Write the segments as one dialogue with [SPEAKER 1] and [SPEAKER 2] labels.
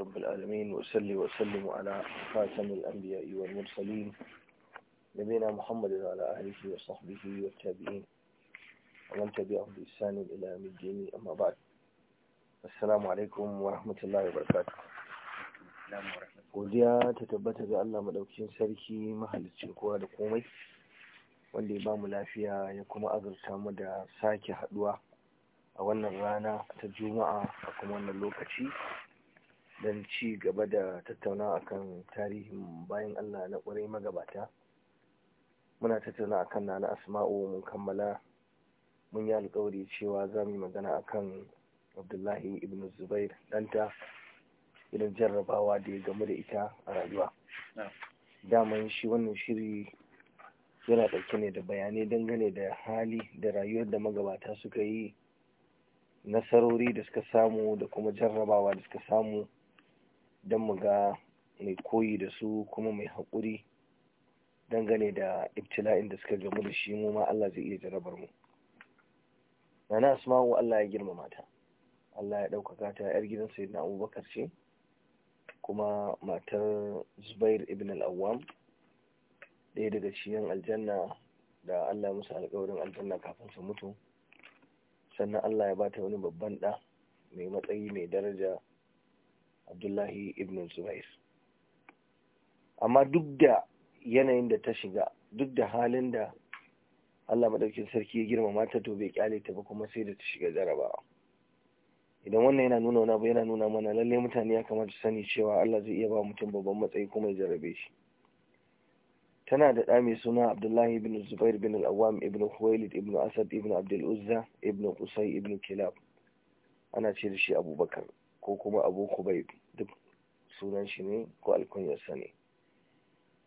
[SPEAKER 1] رب العالمين وسلي وسلم على خاتم الأنبياء والمرسلين نبينا محمد وعلى آله وصحبه والتابعين ومن تبعهم بإحسان إلى أما بعد السلام عليكم ورحمة الله وبركاته godiya ta tabbata ga Allah madaukakin sarki mahalicin kowa da komai wanda ya bamu lafiya ya kuma azurta mu da sake haduwa a wannan rana ta juma'a a kuma wannan lokaci dan ci gaba da tattauna akan tarihin bayan Allah na ƙwarai magabata muna tattauna akan na asma'u mun kammala mun yi alƙawari cewa za mu yi magana akan abdullahi ibn zubair danta irin jarrabawa da ya gamu da ita a rayuwa daman shi wannan shiri yana ɗauke ne da bayanai dangane da hali da rayuwar da magabata suka yi nasarori da suka samu da kuma jarrabawa da suka samu don mu ga mai koyi da su kuma mai haƙuri dangane da ibtila'in da suka gamu da shi mu ma Allah zai iya jarabar mu nana asma'u Allah ya girmama ta Allah ya ɗaukaka ta yar gidan sayyidina Abubakar ce kuma matar Zubair ibn al-Awwam ɗaya daga ciyan aljanna da Allah musu alƙawarin aljanna kafin su mutu sannan Allah ya bata wani babban ɗa mai matsayi mai daraja abdullahi ibn zubair amma duk da yanayin da ta shiga duk da halin da Allah madaukin sarki ya girmama ta to bai kyale ta ba kuma sai da ta shiga jarabawa idan wannan yana nuna wani abu yana nuna mana lalle mutane ya kamata sani cewa Allah zai iya ba mutum babban matsayi kuma ya jarabe shi tana da ɗa mai suna Abdullahi ibn Zubair ibn al-Awwam ibn Khuwailid ibn Asad ibn Abdul Uzza ibn Qusay ibn Kilab ana ce da shi Abubakar ko kuma Abu Khubayb duk sunan shi ne ko alkunyarsa ne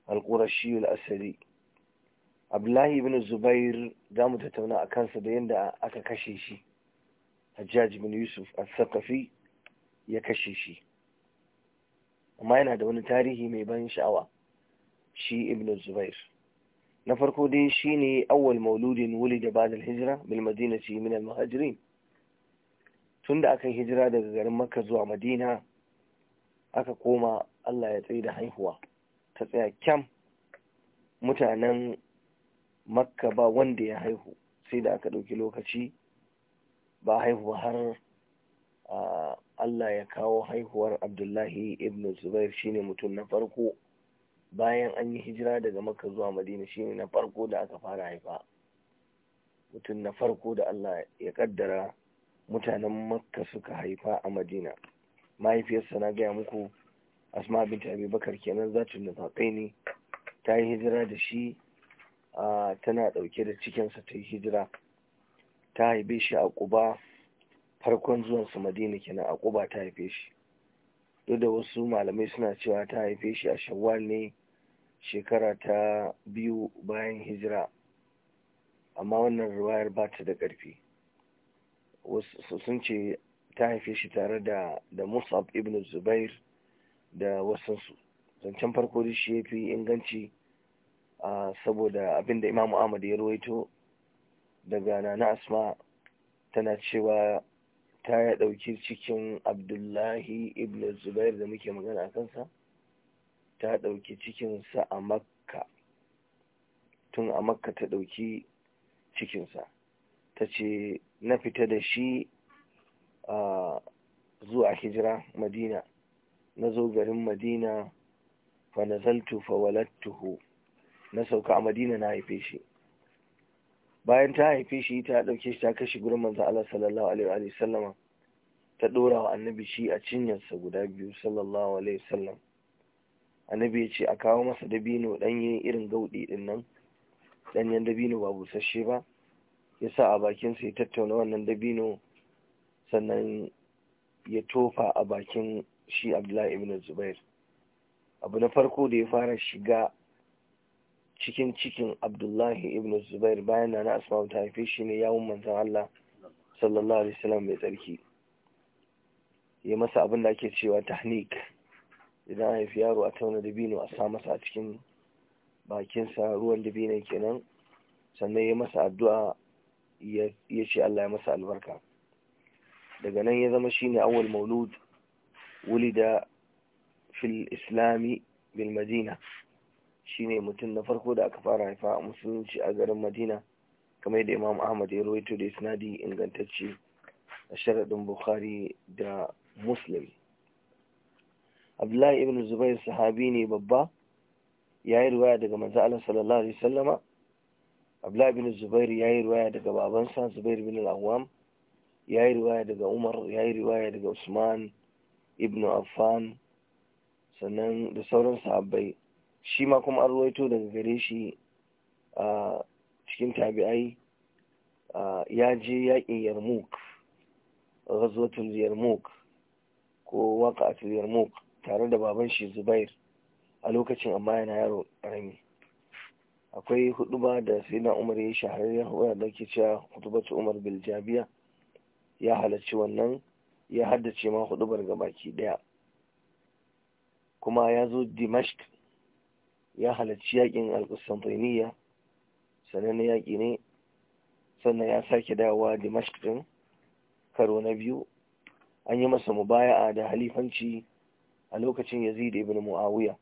[SPEAKER 1] alƙurashi al'asari abdullahi ibn zubair za mu tattauna a kansa da yadda aka kashe shi hajjaj ibn yusuf al-sakafi ya kashe shi amma yana da wani tarihi mai ban sha'awa shi ibn zubair na farko dai shi ne awwal mauludin wuli da ba da hijira bil madinati min al-muhajirin tun da aka hijira daga garin makka zuwa madina aka koma Allah ya tsaye da haihuwa ta tsaya kyam mutanen makka ba wanda ya haihu sai da aka ɗauki lokaci ba haihuwa har Allah ya kawo haihuwar Abdullahi ibn Zubair shine mutum na farko bayan an yi hijira daga makka zuwa madina shine na farko da aka fara haifa mutum na farko da Allah ya kaddara mutanen makka suka haifa a madina mahaifiyarsa na gaya muku asma binta bakar kenan za ta kai ne ta yi hijira da shi tana ɗauke da cikinsa ta yi hijira ta haife shi a ƙuba farkon su madina kenan a ƙuba ta haife shi duk da wasu malamai suna cewa ta haife shi a shawwal ne shekara ta biyu bayan hijira amma wannan ruwayar ba ta da ƙarfi wasu sun ce ta haife shi tare da da Mus'ab ibn Zubair da wasansu zancen farko da shi yafi inganci saboda abinda Imam Ahmad ya ruwaito daga Nana Asma tana cewa ta ya dauki cikin Abdullahi ibn Zubair da muke magana a kansa ta ɗauki cikinsa sa a Makka tun a Makka ta ɗauki cikinsa ta ce na fita da shi zuwa hijira madina na zo garin madina fa nazaltu fa walattuhu na sauka a madina na haife shi bayan ta haife shi ta ɗauke shi ta kashe gurin manzo Allah sallallahu alaihi wa sallama ta ɗora wa annabi shi a cinyar sa guda biyu sallallahu alaihi wa sallam annabi ya ce a kawo masa dabino ɗanye irin gauɗi din nan ɗanyen dabino ba busasshe ba yasa sa a bakinsa ya tattauna wannan dabino sannan ya tofa a bakin shi abdullahi ibn zubair abu na farko da ya fara shiga cikin cikin abdullahi ibn zubair bayan na na ta haife shi ne yawon manzan Allah sallallahu alaihi wasallam mai tsarki ya masa abin da ake cewa tahnik idan a haifi yaro a tauna dabino a sa masa a cikin bakinsa ruwan dabino kenan sannan ya masa addu'a ya ce Allah ya masa albarka daga nan ya zama shine awal maulud wulida fil islami bil madina shine mutum na farko da aka fara haifa a musulunci a garin madina kamar yadda imam ahmad ya rawaito da isnadi ingantacce a sharadin bukhari da muslim abdullahi ibn zubair sahabi ne babba ya yi ruwaya daga manzo Allah sallallahu alaihi wasallama abdullahi ibn zubair ya yi ruwaya daga babansa zubair bin al-awwam ya yi riwaya daga umar ya yi riwaya daga usman ibn affan sannan da sauran sahabbai shi ma kuma an ruwaito daga gare shi a cikin tabi'ai ya je yaƙin yarmouk ghazwatul yarmouk ko waqa'atul yarmouk tare da baban shi zubair a lokacin amma yana yaro rami akwai huduba da sai na umar ya shahararren hudu da ke cewa hudubatu umar biljabiya ya halarci wannan ya haddace ma hudubar ga baki daya kuma ya zo dimashq ya halarci yakin al-qustantiniya sannan yaki ne sannan ya sake dawowa dimashq din karo na biyu an yi masa mubaya'a da halifanci a lokacin yazid ibn muawiya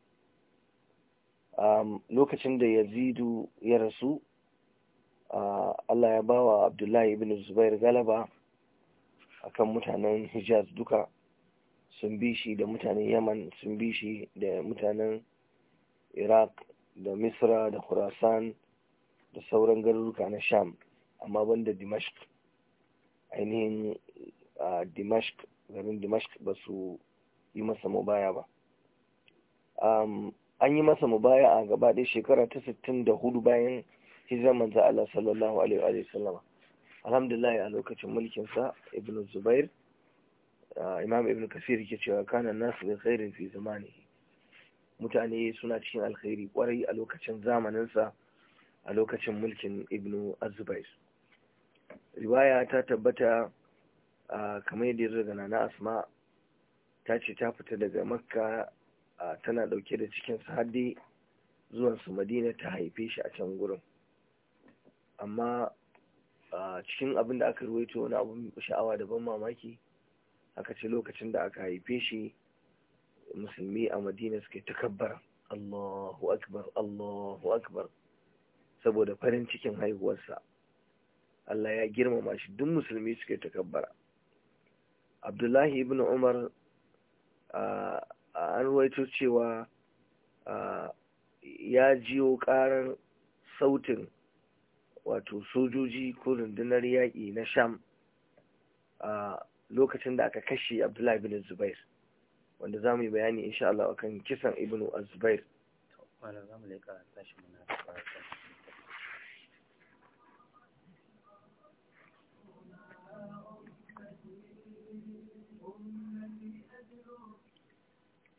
[SPEAKER 1] lokacin da yazidu ya rasu Allah ya bawa Abdullahi ibn Zubair galaba akan mutanen hijaz duka sun bi shi da mutanen yaman sun bi shi da mutanen iraq da misra da khurasan da sauran garuruka na sham amma banda dimashq ainihin dimashq garin dimashq ba su yi masa mubaya ba an yi masa mubaya a gaba ɗaya shekara ta 64 bayan hijirar manzo Allah sallallahu alaihi wa sallama alhamdulillah a lokacin mulkinsa ibn zubair imam ibn kasir ke cewa kana nasu da khairin fi zamani mutane suna cikin alkhairi kwarai a lokacin zamaninsa a lokacin mulkin ibn azubair riwaya ta tabbata kamar yadda ya na asma ta ce ta fita daga makka tana dauke da cikin haddi zuwan su madina ta haife shi a can gurin amma cikin abin da aka ruwaito wani abin sha'awa da ban mamaki aka ce lokacin da aka haife shi musulmi a madina suke takabbar allahu akbar allahu akbar saboda farin cikin haihuwarsa allah ya girmama shi duk musulmi suke takabbara abdullahi ibn umar a an ruwaito cewa ya jiyo karar sautin wato sojoji ko rundunar yaƙi na sham a lokacin da aka kashe abdullahi bin zubair wanda za mu yi bayani insha Allah a kan kisan ibn zubair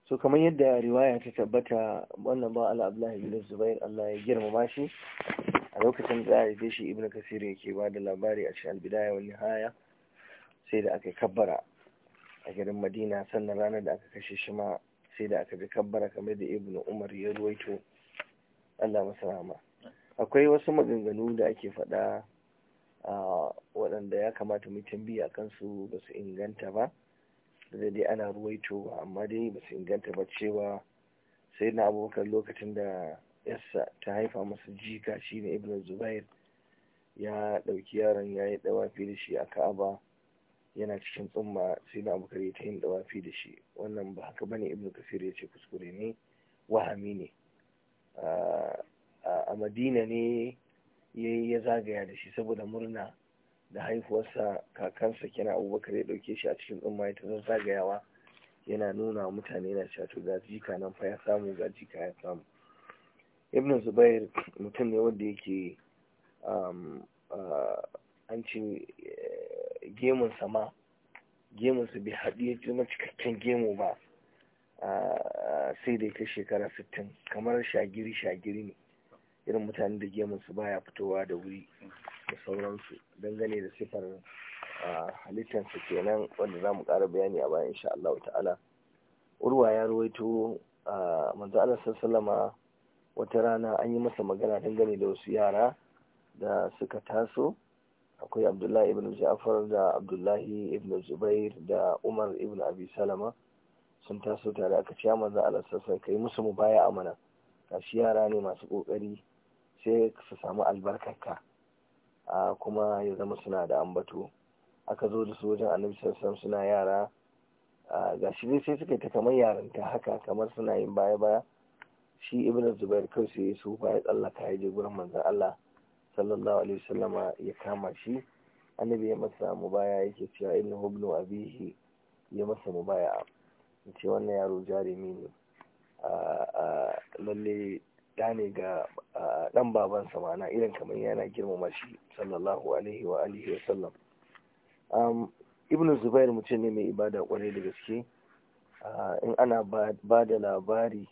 [SPEAKER 1] so kamar yadda riwaya ta tabbata wannan ba ala abdullahi bin zubair Allah ya girmama shi lokacin da haife shi ibnu kasir yake ba da labari a cikin bidaya wani haya sai da aka kabbara a garin madina sannan ranar da aka kashe shi ma sai da aka bi kabbara kamar da ibnu umar ya ruwaito allah masa rahama akwai wasu maganganu da ake faɗa a waɗanda ya kamata mu kan kansu ba su inganta ba da dai ana ruwaito amma dai ba su inganta ba cewa sai na abubakar lokacin da yassa ta haifa masa jika shi ne ibn zubair ya ɗauki yaron ya yi ɗawafi da shi a ka'aba yana cikin tsumma sai na ya ta yin ɗawafi da shi wannan ba haka bane ibn kasir ya ce kuskure ne wahami ne a madina ne ya zagaya da shi saboda murna da haifuwarsa kakansa kenan abubakar ya ɗauke shi a cikin tsumma ya ta zagayawa yana nuna mutane na cewa to ga jika nan fa ya samu ga jika ya samu ibn zubair mutum ne wanda yake um, uh, an ce eh, gemunsa ma gemunsa bai haɗu ya zama cikakken gemu ba uh, sai da ita shekara 60 kamar shagiri-shagiri ne irin mutane da gemunsu baya fitowa da wuri da sauransu dangane da sifar uh, halittarsa kenan wanda za mu ƙara bayani a bayan insha ta'ala urwa ya ruwaito manzo Allah sallama wata rana an yi masa magana dangane da wasu yara da suka taso akwai abdullahi ibn ja'far da abdullahi ibn zubair da umar ibn abi salama sun taso tare aka ce manzo a ka kai musu mu baya a amana shi yara ne masu kokari sai su samu albarkarka a kuma ya zama suna da ambato aka zo da su wajen annabi sassan suna yara gashi dai sai suka yi ta kamar yaranta haka kamar suna yin baya baya shi ibn zubair kawai ya su ba ya tsallaka ya je gurin manzan Allah sallallahu alaihi wasallama ya kama shi annabi ya masa mubaya yake cewa inna hubnu abihi ya masa mubaya ce wannan yaro jarumi ne lalle da ne ga dan babansa mana irin kamar yana girmama shi sallallahu alaihi wa alihi wa sallam ibn zubair mutum ne mai ibada kwarai da gaske in ana ba da labari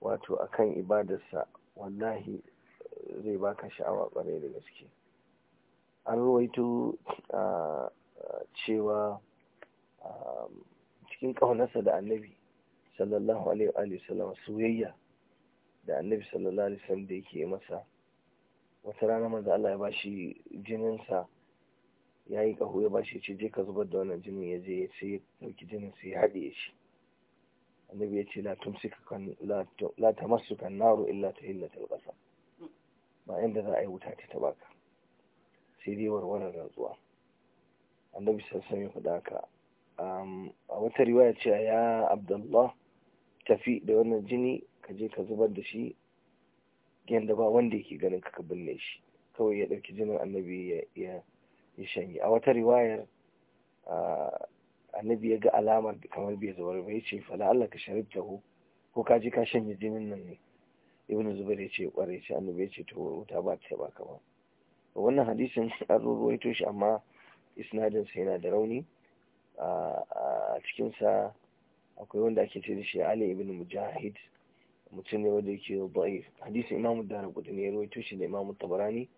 [SPEAKER 1] wato a kan ibadarsa wallahi zai baka sha'awa kware da gaske an ruwaito cewa cikin ƙaunarsa da annabi sallallahu alaihi wasallam soyayya da annabi sallallahu alaihi wasallam da yake masa wata rana maza Allah ya bashi jininsa ya yi ƙaho ya bashi ce je ka zubar da wannan jinin ya je sai ya ɗauki jinin sai ya haɗe shi annabi ya ce la kan naru illa ta hillata ƙasa ba inda za a yi wuta ta baka sai dai warware rantsuwa annabi sun ya faɗa haka a wata riwaya ce ya abdullah tafi da wannan jini ka je ka zubar da shi yadda ba wanda yake ganin ka ka binne shi kawai ya ɗauki jinin annabi ya shanye a wata riwayar annabi ya ga alamar kamar bai zuwa ba ya ce fala Allah ka sharibta ko ko ka ji ka shanye jinin nan ne ibnu zubair ya ce kware shi annabi ya ce to wuta ba ta baka ba wannan hadisin an rubuto shi amma isnadin sa yana da rauni a cikin sa akwai wanda ake ce shi Ali ibn Mujahid mutum ne wanda yake da'if hadisin Imam Darqutni ya rubuto shi da Imam Tabarani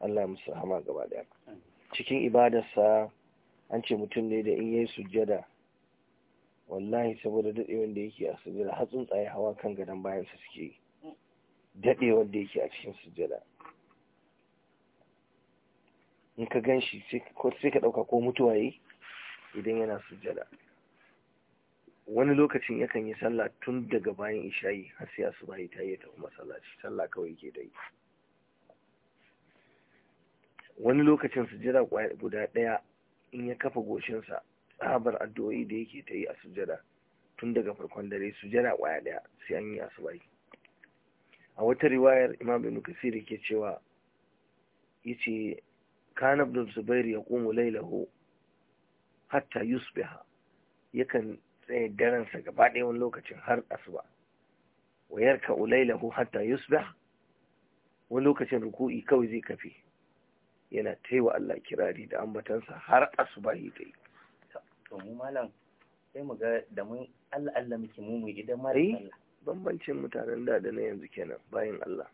[SPEAKER 1] Allah ya musu rahama gaba daya cikin sa. an ce mutum ne da in yi sujjada wallahi saboda dadewan da yake a sujjada har tsuntsaye hawa kan gadon bayan su suke dadewan da yake a cikin sujjada in ka gan shi sai ka dauka ko mutuwa yi idan yana sujjada wani lokacin yakan yi sallah tun daga bayan ishayi har sai asuba yi ta yi ta kuma sallaci sallah kawai ke da yi wani lokacin sujjada guda ɗaya. in ya kafa goshinsa tsabar addu'o'i da yake ta yi a sujada tun daga farkon dare sujada ƙwaya ɗaya sai an yi asubahi a wata riwayar imam ibn kasir yake cewa yace kana ibn zubair yaqumu laylahu hatta yusbiha yakan tsaye daren sa gaba ɗaya wani lokacin har asuba wayarka ulailahu hatta yusbih wani lokacin ruku'i kawai zai kafi. yana taiwa Allah kirari da ambatansa har asubahi ta yi to mu malam sai mu ga da mun Allah Allah muke mu mu idan mara eh, Allah bambancin mutanen da da na yanzu kenan bayan Allah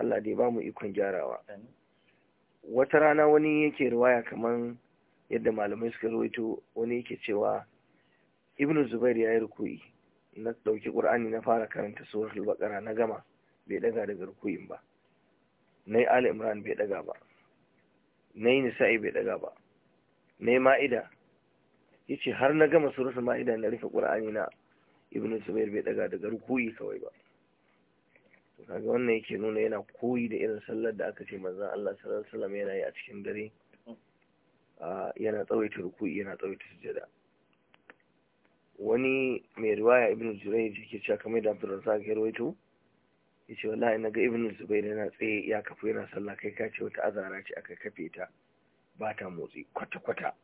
[SPEAKER 1] Allah dai ba mu ikon gyarawa wata rana wani yake riwaya kamar yadda malamai suka rawaito wani yake cewa Ibn zubair ya yi ruku'i na ɗauki ƙur'ani na fara karanta suratul baqara na gama bai daga daga rukuyin ba na yi ali imran bai daga ba na yi nisa'i bai daga ba na ma'ida ya har na gama surutu ma'ida na rufe ƙura'ani na ibn zubair bai daga daga rukuyi kawai ba kaga wannan yake nuna yana koyi da irin sallar da aka ce manzon Allah sallallahu alaihi yana yi a cikin dare yana tsawaita rukuyi yana tsawaita sujada wani mai riwaya ibn zubair yake cewa kamar da Abdul Razzaq ya rawaito ya ce wallahi na ga ibn zubair yana tsaye ya kafu yana sallah kai ka ce wata azara ce aka kafe ta ba ta motsi kwata-kwata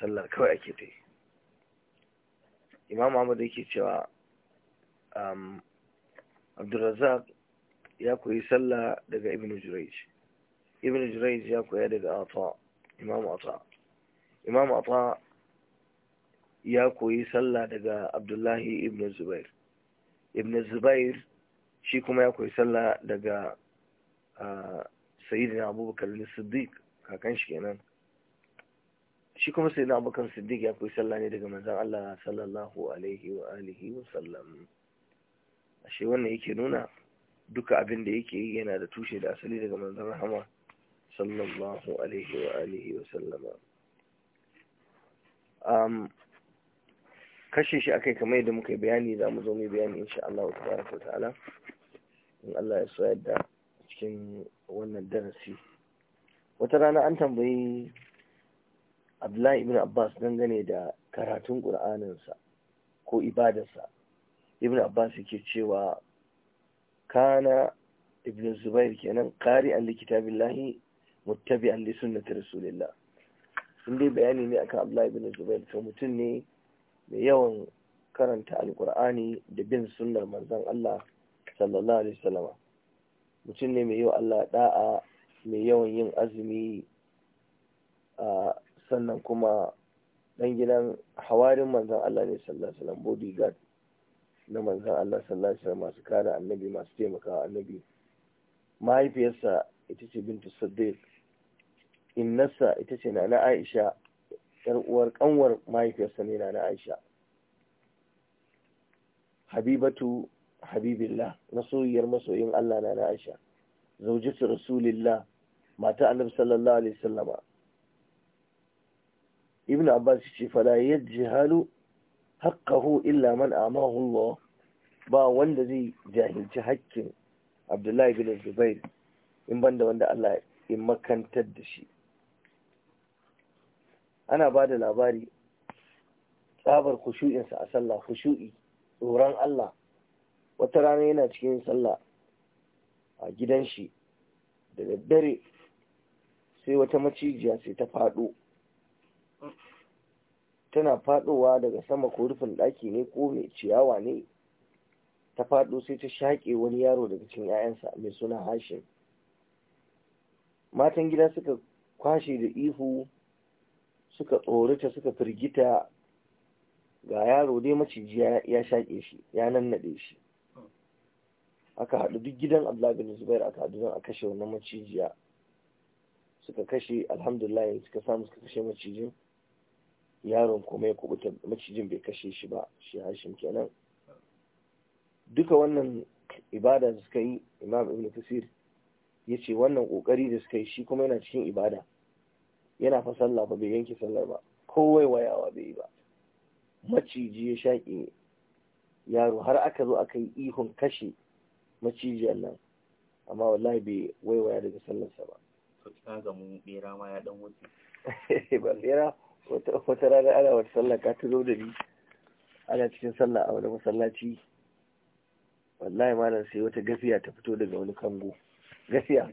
[SPEAKER 1] sallar kawai ake ta yi imam ahmad yake cewa um, abdulrazak ya koyi sallah daga ibn jurayj ibn jurayj ya koya daga ata imam ata imam ata ya koyi sallah daga abdullahi ibn zubair ibn zubair shi kuma ya koyi sallah daga sayyidina abubakar siddiq kakan shi kenan shi kuma sayyidina abubakar siddiq ya koyi sallah ne daga manzan Allah sallallahu alaihi wa alihi wa sallam ashe wannan yake nuna duka abin da yake yi yana da tushe da asali daga manzan rahama sallallahu alaihi wa alihi wa kashe shi akai kamar yadda muka yi bayani za mu zo mai bayani insha Allah wa ta'ala in Allah ya so yadda cikin wannan darasi wata rana an tambayi Abdullahi ibn Abbas dangane da karatun Qur'aninsa ko ibadarsa Ibn Abbas yake cewa kana Ibn Zubair kenan qari'an li kitabillahi muttabi'an li sunnati rasulillah sun dai bayani ne akan Abdullahi ibn Zubair to mutum ne mai yawan karanta alkur'ani da bin sunnar manzan Allah sallallahu alaihi wasallama mutum ne mai yawan Allah da'a mai yawan yin azumi a sannan kuma dan gidan hawarin manzan Allah ne sallallahu alaihi wasallam bodyguard na manzan Allah sallallahu alaihi wasallam masu kare annabi masu taimakawa annabi mahaifiyarsa ita ce bintu Siddiq innarsa ita ce na Aisha yar uwar kanwar mahaifiyarsa ne na Aisha Habibatu Habibillah masoyiyar masoyin Allah na na Aisha zaujatu Rasulillah mata Annabi sallallahu alaihi wasallama Ibn Abbas ce fala yajhalu haqqahu illa man amahu Allah ba wanda zai jahilci haƙƙin Abdullahi bin Zubair in banda wanda Allah ya makantar da shi ana ba da labari tsabar kushu'insa a sallah kushu'i tsoron Allah wata rana yana cikin sallah a gidan shi da daddare sai wata macijiya sai ta faɗo tana faɗowa daga sama ko rufin ɗaki ne ko mai ciyawa ne ta faɗo sai ta shaƙe wani yaro daga cikin 'ya'yansa mai suna hashin matan gida suka kwashe da ihu suka tsorata suka firgita ga yaro dai maciji ya shaƙe shi ya nannaɗe shi aka haɗu duk gidan abdullahi bin zubair aka haɗu don a kashe wannan macijiya suka kashe alhamdulillah suka samu suka kashe macijin yaron kuma ya kubuta macijin bai kashe shi ba shi hashim kenan duka wannan ibada da suka yi imam ibn kasir ya ce wannan kokari da suka yi shi kuma yana cikin ibada yana fa sallah ba bai yanke sallar ba kowai wayawa bai yi ba maciji ya shaƙe yaro har aka zo aka yi ihun kashe macijiyar nan amma wallahi bai waiwaya daga sallarsa ba to ga mu bera ma ya dan wuce ba bera wata rana ana wata sallah ka zo da ni ana cikin sallah a wani masallaci wallahi malam sai wata gafiya ta fito daga wani kango gafiya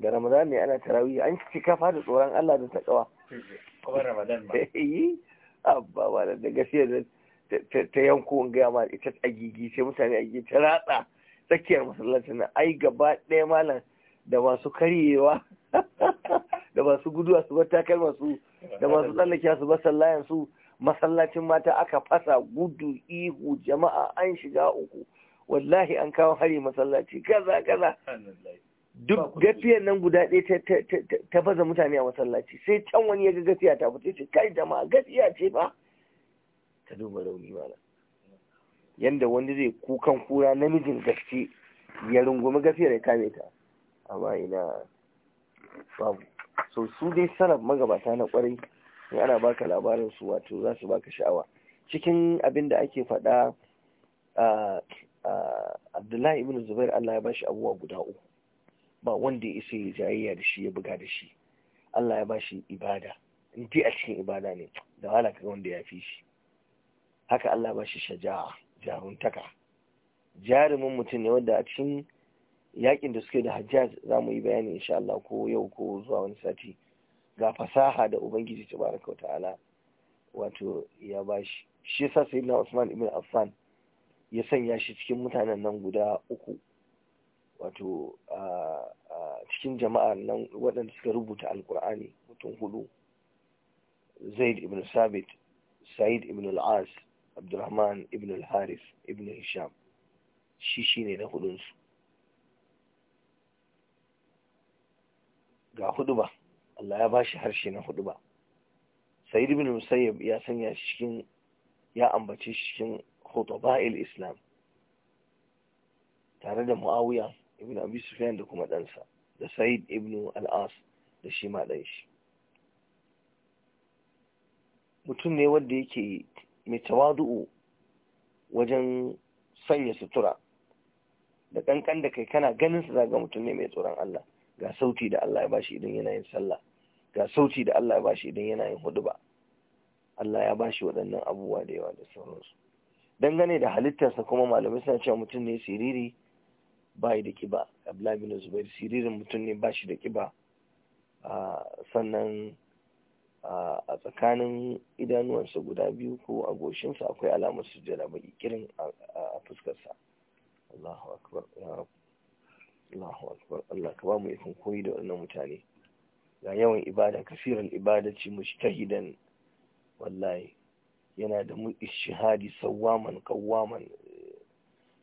[SPEAKER 1] da ramadan ne ana tarawih an ci kafa da tsoron Allah da takawa kuma ramadan ba eh abba wala da gaskiya ta yanko in ga ma ita agigi sai mutane agigi ta ratsa tsakiyar masallacin nan ai gaba ɗaya malam da masu karyewa da masu guduwa su bar takalma su da masu tsallakiya su bar sallayan su masallacin mata aka fasa gudu ihu jama'a an shiga uku wallahi an kawo hari masallaci kaza kaza duk gafiyan nan guda ɗaya ta faza mutane a masallaci sai can wani ya ga gafiya ta fita ce kai da ma gafiya ce ba ta duba rauni ba yanda wani zai kukan kura namijin gaske ya rungumi gafiyar ya kame ta amma ina babu so su dai sarraf magabata na kwarai in ana baka labarin su wato za su baka sha'awa cikin abin da ake faɗa ah, ah, abdullahi ibn zubair allah ya bashi abubuwa guda uku ba wanda ya isa ya jayayya da shi ya buga da shi Allah ya ba shi ibada in fi a cikin ibada ne da wala kaga wanda ya fi shi haka Allah ba shi shaja'a jaruntaka jarumin mutum ne wanda a cikin yakin da suke da hajjaj za mu yi bayani insha Allah ko yau ko zuwa wani sati ga fasaha da ubangiji tabaraka ta'ala wato ya bashi shi yasa sayyidina Usman ibn Affan ya sanya shi cikin mutanen nan guda uku wato a cikin jama'a nan waɗanda suka rubuta alkur'ani mutum hudu zaid ibn sabit sa'id ibn al'as abdurrahman ibn al-haris ibn hisham shi shi ne na hudunsu ga hudu ba Allah ya ba shi harshe na hudu ba sa'id ibn musayyab ya sanya shi cikin ya ambace shi cikin khutba'il islam tare da muawiya ibn abi sufyan da kuma ɗansa da sa'id ibn al'as da shi ma ɗan shi mutum ne wanda yake mai tawadu'u wajen sanya sutura da ƙanƙan da kai kana ganin su zaga mutum ne mai tsoron Allah ga sauti da Allah ya bashi idan yana yin sallah ga sauti da Allah ya bashi idan yana yin huduba Allah ya bashi waɗannan abubuwa da yawa da sauransu dangane da halittarsa kuma malamai suna cewa mutum ne siriri bayi da kiba abdullahi bin zubair siririn mutum ne bashi da kiba sannan a tsakanin idanuwansa guda biyu ko a goshinsa akwai alamar sujjada baki kirin a fuskarsa Allahu akbar Allahu akbar Allah ka ba mu ikon koyi da wannan mutane ga yawan ibada kasiran ibadaci mushtahidan wallahi yana da mu ishihadi sawwaman kawaman.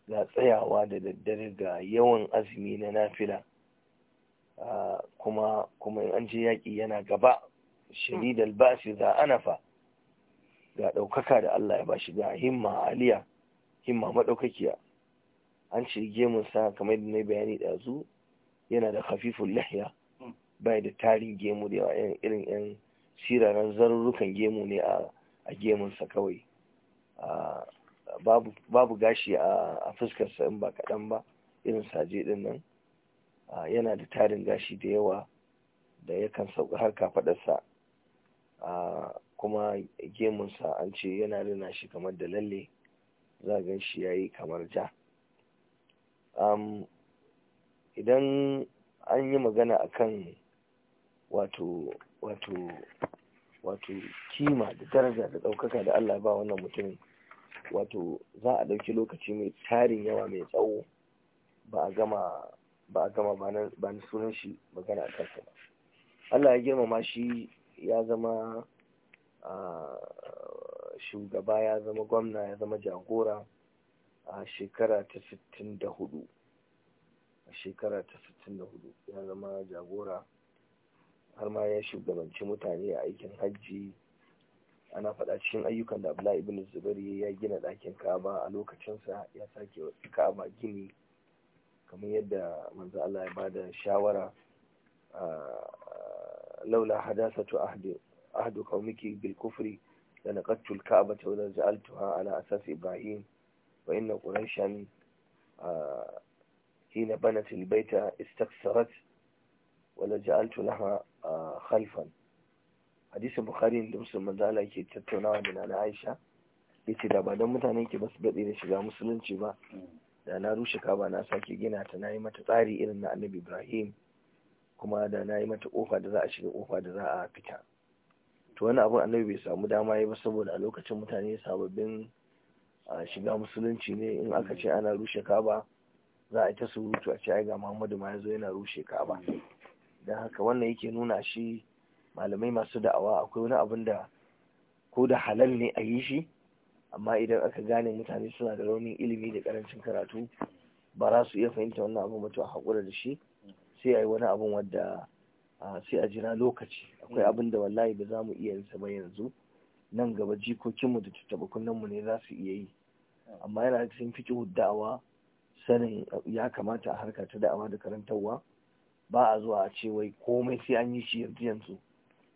[SPEAKER 1] ga tsayawa da daddare ga yawan azumi na nafila ah, kuma kuma in an je yaƙi yana gaba al- basi za anafa ga ɗaukaka da Allah ya ba bashi ga himma aliya himma maɗaukakiya an ce gemunsa kamar da na bayani ɗazu yana da hafiful lahya bai da tarin gemu da yawa irin yan siraran zarurrukan gemu ne a gemunsa kawai ah, babu gashi a fuskarsa in ba kaɗan ba irin saje ɗin nan yana da tarin gashi da yawa da yakan sauka har kafaɗarsa kuma gemunsa an ce yana rina shi kamar da lalle za gan shi ya yi kamar ja idan an yi magana akan wato wato wato kima da daraja da ɗaukaka da allah ba wannan mutumin wato za a ɗauki lokaci mai tarin yawa mai tsawo ba a gama ba a gama ba na sunan shi magana a kansa ba Allah ya girmama shi ya zama shugaba ya zama gwamna ya zama jagora a shekara ta 64 a shekara ta 64 ya zama jagora har ma ya shugabanci mutane a aikin hajji ana faɗa cikin ayyukan da abdullahi ibn zubairu ya gina ɗakin ka'aba a lokacinsa ya sake ka'aba gini kamar yadda manzo Allah ya bada shawara laula hadasatu ahdi ahdu qaumiki bil kufri la naqattu al ka'bata wa ja'altuha ala asas ibrahim wa inna quraishan hina banat al bayta istaksarat wa la ja'altu laha khalfan hadisin bukhari da muslim manzo ke tattaunawa da nana Aisha ya ce da ba dan mutane ke basu dade da shiga musulunci ba da na rushe kaba na sake gina ta na yi mata tsari irin na Annabi Ibrahim kuma da na yi mata kofa da za a shiga kofa da za a fita to wani abun Annabi bai samu dama yi ba saboda a lokacin mutane sababbin shiga musulunci ne in aka ce ana rushe kaba za a ta surutu a ce ai ga Muhammadu ma ya zo yana rushe kaba dan haka wannan yake nuna shi malamai masu da'awa akwai wani abin da ko da halal ne a yi shi amma idan aka gane mutane suna da raunin ilimi da karancin karatu ba za su iya fahimta wannan abin ba to a haƙura da shi sai a yi wani abin wadda sai a jira lokaci akwai mm. abin da wallahi ba za mu iya yin sa ba yanzu nan gaba jikokinmu da tattabakunan mu ne za su iya yi mm. amma yana da cikin fiƙe da'awa sanin ya kamata a harka ta da'awa da karantarwa ba a zuwa a ce wai komai sai an yi shi yanzu yanzu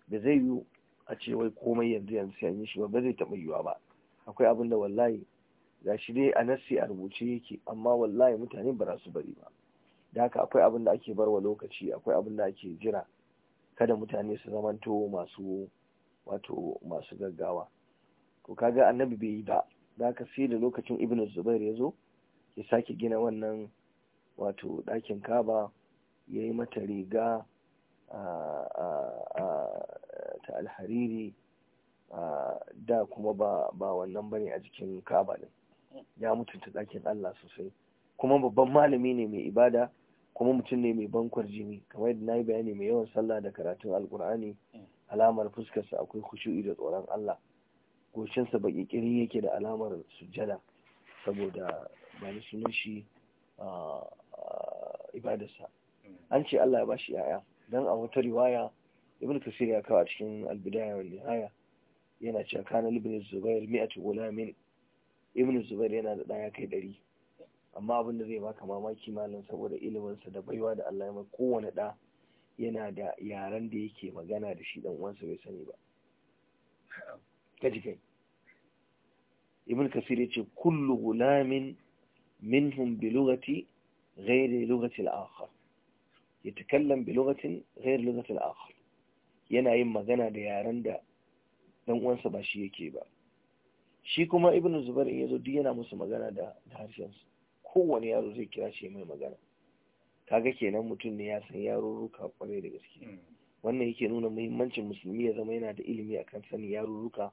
[SPEAKER 1] da zai yi a ce wai komai yanzu yanzu sai an yi shi ba ba zai taɓa yiwa ba akwai abin da wallahi ga shi dai a nassi a rubuce yake amma wallahi mutane ba za su bari ba da haka akwai abin da ake barwa lokaci akwai abin da ake jira kada mutane su zamanto masu wato masu gaggawa to kaga annabi bai yi ba da haka sai da lokacin ibnu zubair ya zo ya sake gina wannan wato ɗakin kaba ya yi mata riga ta alhariri da kuma ba wannan bane a jikin kaba din ya mutunta ɗakin Allah sosai kuma babban malami ne mai ibada kuma mutum ne mai bankwar jini kamar yadda na yi bayani mai yawan sallah da karatun alkur'ani alamar fuskarsa akwai kushu'i da tsoron Allah goshinsa baƙi kiri yake da alamar sujjada saboda ba ni sunan shi ibadarsa an ce Allah ya ba shi 'ya'ya dan a wata riwaya ibn kasir ya kawo a cikin albidaya wal nihaya yana cewa kana ibn zubair mi'atu ibn zubair yana da daya kai dari amma abin da zai baka mamaki malam saboda ilimin sa da baiwa da Allah ya mai kowane da yana da yaran da yake magana da shi dan uwansa bai sani ba kaji kai ibn kasir yace kullu gulamin minhum bi lughati ghairi lughati al-akhar takallan يتكلم lokacin غير lokacin الآخر yana yin magana da yaren da dan uwansa ba shi yake ba shi kuma ibn zubair in yazo duk yana musu magana da harshen su kowane yaro zai kira shi mai magana Ka ga kenan mutum ne ya san yarurruka kwarai da gaske wannan yake nuna muhimmancin musulmi ya zama yana da ilimi akan sanin yarurruka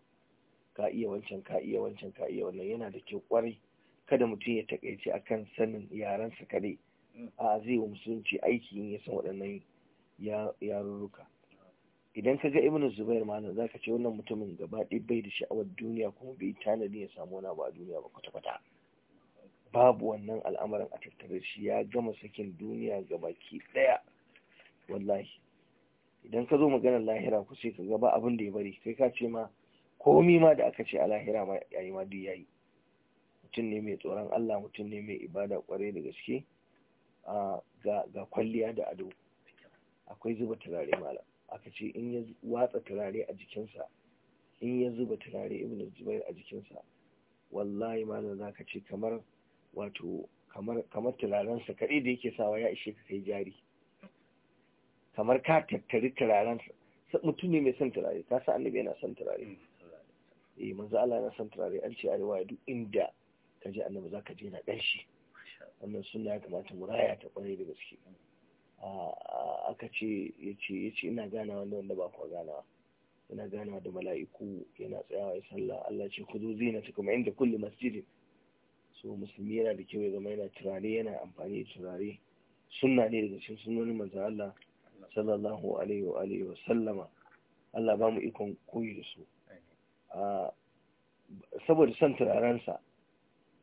[SPEAKER 1] ka iya wancan ka iya wancan ka iya wannan yana da kyau kwarai kada mutum ya takaice akan sanin yarensa kadai a zai wa musulunci aiki in ya waɗannan yarurruka idan ka ga Ibnu zubair malam za ka ce wannan mutumin gaba ɗaya bai da sha'awar duniya kuma bai tanadi ya samu wani abu a duniya ba kwata-kwata babu wannan al'amarin a tattare shi ya gama sakin duniya ga baki ɗaya wallahi idan ka zo maganar lahira ku sai ka gaba abin da ya bari kai ka ce ma komi ma da aka ce a lahira ma yayi ma duk yayi mutum ne mai tsoron Allah mutum ne mai ibada kwarai da gaske ga kwalliya da ado akwai zuba turare malam aka ce in ya watsa turare a jikinsa in ya zuba turare ibn zubair a jikinsa wallahi malam ka ce kamar wato kamar turarensa kaɗai da yake sawa ya ishe ka kai jari kamar ka tattari turarensa mutum ne mai son turare ka sa annabi yana son turare mm. eh manzo Allah yana son turare an ce a riwaya duk inda ka je annabi ka je na ɗan shi wannan suna ya kamata mu raya ta kwarai da gaske aka ce ya ce ina ganawa da wanda ba kwa ganawa yana ganawa da mala'iku yana tsayawa ya sallah Allah ce ku zo zina ta kuma inda kulle masjidin so musulmi yana da kyau ya zama yana turare yana amfani da turare sunna ne daga cikin sunnonin manzon Allah sallallahu alaihi wa alihi wa sallama Allah ba mu ikon koyi da su saboda son turaren sa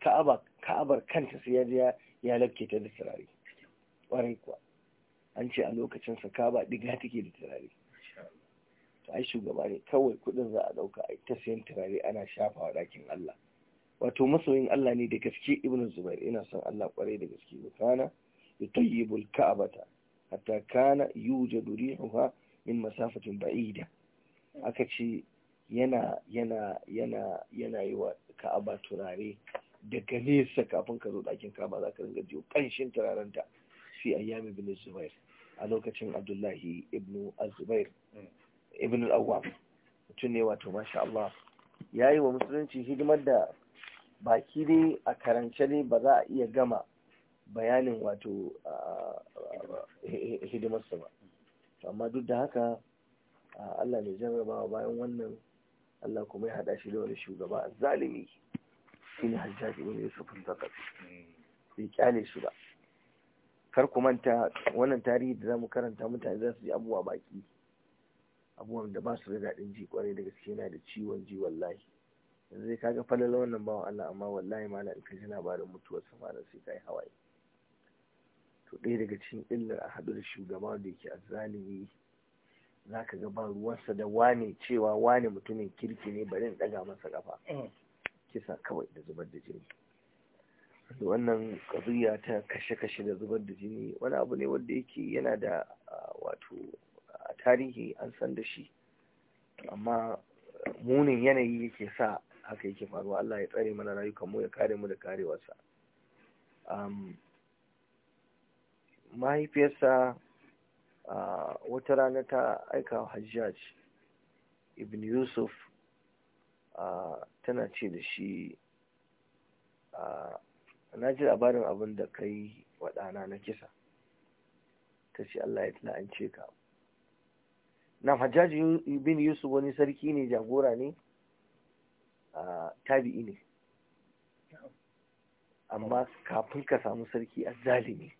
[SPEAKER 1] ka'aba ka'abar kanta sai ya je ya lakke ta da turare ƙwarai kuwa an ce a lokacin sa ka'aba diga take da turare to ai shugaba ne kawai kudin za a dauka ai ta sayan turare ana shafawa dakin Allah wato masoyin Allah ne da gaske ibnu zubair ina son Allah ƙwarai da gaske ya kana yutayyibul ka'abata hatta kana yujadu rihuha min masafatin ba'ida aka ce yana yana yana yana yi wa ka'aba turare daga nesa kafin ka zo ɗakin kaba za ka ringa jiyo ƙanshin turarenta fi ayyami bin zubair a lokacin abdullahi ibn zubair ibn al-awwam mutum ne wato masha Allah ya yi wa musulunci hidimar da baki ne a karance ne ba za a iya gama bayanin wato hidimarsa ba amma duk da haka Allah ne jarrabawa bayan wannan Allah kuma ya haɗa shi da wani shugaba zalimi shi ne hajjaji wani yusuf al bai kyale su ba kar ku manta wannan tarihi da zamu karanta mutane za su ji abubuwa baki abubuwan da ba su da daɗin ji kwarai da gaske yana da ciwon ji wallahi yanzu sai kaga falala wannan bawan Allah amma wallahi ma in ka ji labarin mutuwar sama da sai kai hawaye to ɗaya daga cikin illar a haɗu da shugaba da yake azzalimi zaka ga ba ruwansa da wane cewa wane mutumin kirki ne bari in ɗaga masa kafa mm. kisa kawai da zubar da jini da wannan kazuya ta kashe-kashe da zubar da jini wani abu ne wanda yake yana da wato a tarihi an san da shi amma munin yanayi yake sa haka yake faruwa Allah ya tsare mana rayuka, mu ya kare mu da karewarsa mahaifiyarsa wata rana ta aika hajjaj ibn yusuf tana ce da shi na ji labarin abin da ka yi wa ɗana na kisa ta ce Allah ya la'ance ka na hajjaji bin yusuf wani sarki ne jagora ne tabi'i ne amma kafin ka samu sarki a zalimi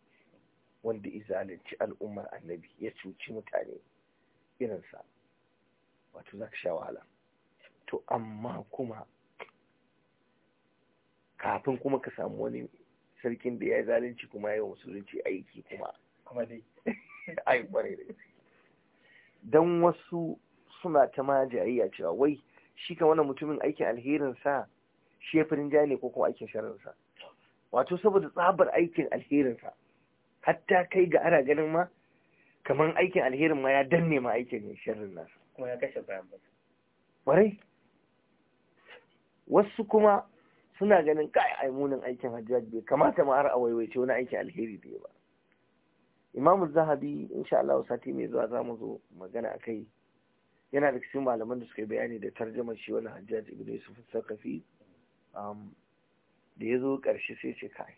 [SPEAKER 1] wanda izalinci al'ummar annabi ya cuci mutane irinsa wato za ka sha wahala to amma kuma kafin kuma ka samu wani sarkin da ya yi zalunci kuma ya yi wa musulunci aiki kuma kuma dai ai da don wasu suna ta ma jayayya cewa wai shi kan wannan mutumin aikin alherinsa shi ya firin jani ko kuma aikin sharrinsa wato saboda tsabar aikin alherinsa hatta kai ga ara ganin ma kamar aikin alherin ma ya danne ma aikin sharrin nasa kuma ya kashe bayan ba kwarai wasu kuma suna ganin kai ai munin aikin hajjaj bai kamata ma har a waiwaice wani aikin alheri da ba imam zahabi insha Allah sati mai zuwa za mu zo magana akai yana da cikin malaman da suka bayani da tarjamar shi wani hajjaj ibn yusuf sakafi um, da ya zo ƙarshe sai ce kai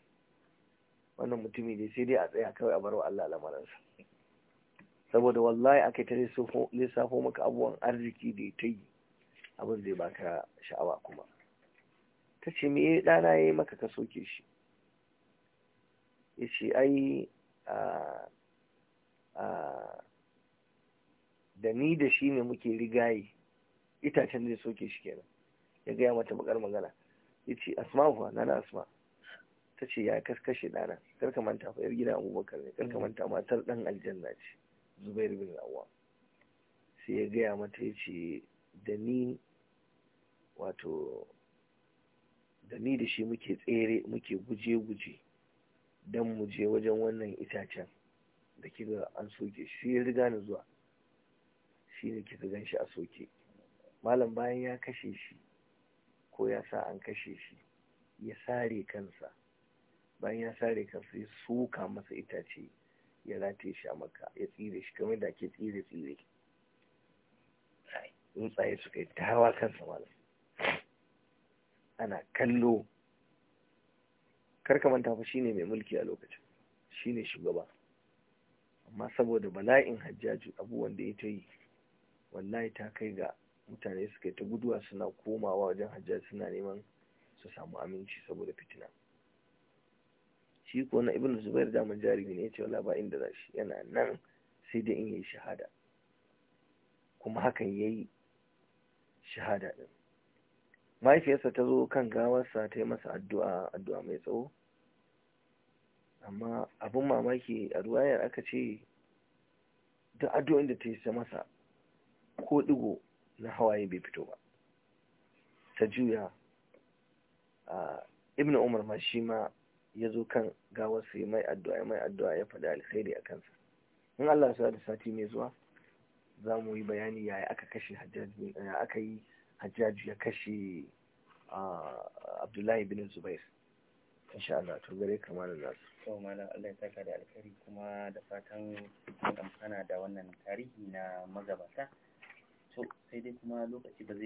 [SPEAKER 1] wannan mutumi dai sai dai a tsaya kawai a barwa Allah lamaransa saboda wallahi aka ta lissafo maka abubuwan arziki da ta yi abin zai baka sha'awa kuma ta ce me ɗana ya yi maka ka soke shi ya ce ai da ni da shi ne muke rigaye itacen zai soke shi kenan ya gaya mata bakar magana ya ce asma kuwa nana asma ta ce ya kaskashe ɗana karka manta fa yar gida abubakar ne karka mm. manta matar ɗan aljanna ce zubair bin awwa sai ya gaya mata ya ce da ni wato da ni da shi muke tsere muke guje-guje don muje wajen wannan itacen da kiga an soke shi ya riga ni zuwa shi ne kika gan shi a soke malam bayan ya kashe shi ko ya sa an kashe shi ya sare kansa bayan ya sare kansa ya suka masa itace ya rataye shi a maka ya tsire shi kamar da ke tsire-tsire tsaye suka yi ta hawa kansa malam ana kallo karka manta fa shine mai mulki a lokacin shine shugaba amma saboda bala'in hajjaji abubuwan da ya ta yi wallahi ta kai ga mutane suka ta guduwa suna komawa wajen hajjaji suna neman su samu aminci saboda fitina shi ko na ibn zubair daman jari ne ya ce wala ba inda za shi yana nan sai da in yi shahada kuma hakan ya yi shahada ɗin mahaifiyarsa ta zo kan gawarsa ta yi masa addu'a addu'a mai tsawo amma abin mamaki a ruwayar aka ce duk addu'o'in da ta yi masa ko digo na hawaye bai fito ba ta juya ibn umar ma shi ma ya zo kan gawarsa ya mai addu'a ya mai addu'a ya faɗi alkhairi a kansa in allah sa da sati mai zuwa za mu yi bayani yaya aka kashe hajjaj ya aka yi hajjaji ya kashe abdullahi bin zubair insha Allah to gare ka nasu to malam Allah ya saka da alkhairi kuma da fatan amfana da wannan tarihi na magabata to sai dai kuma lokaci ba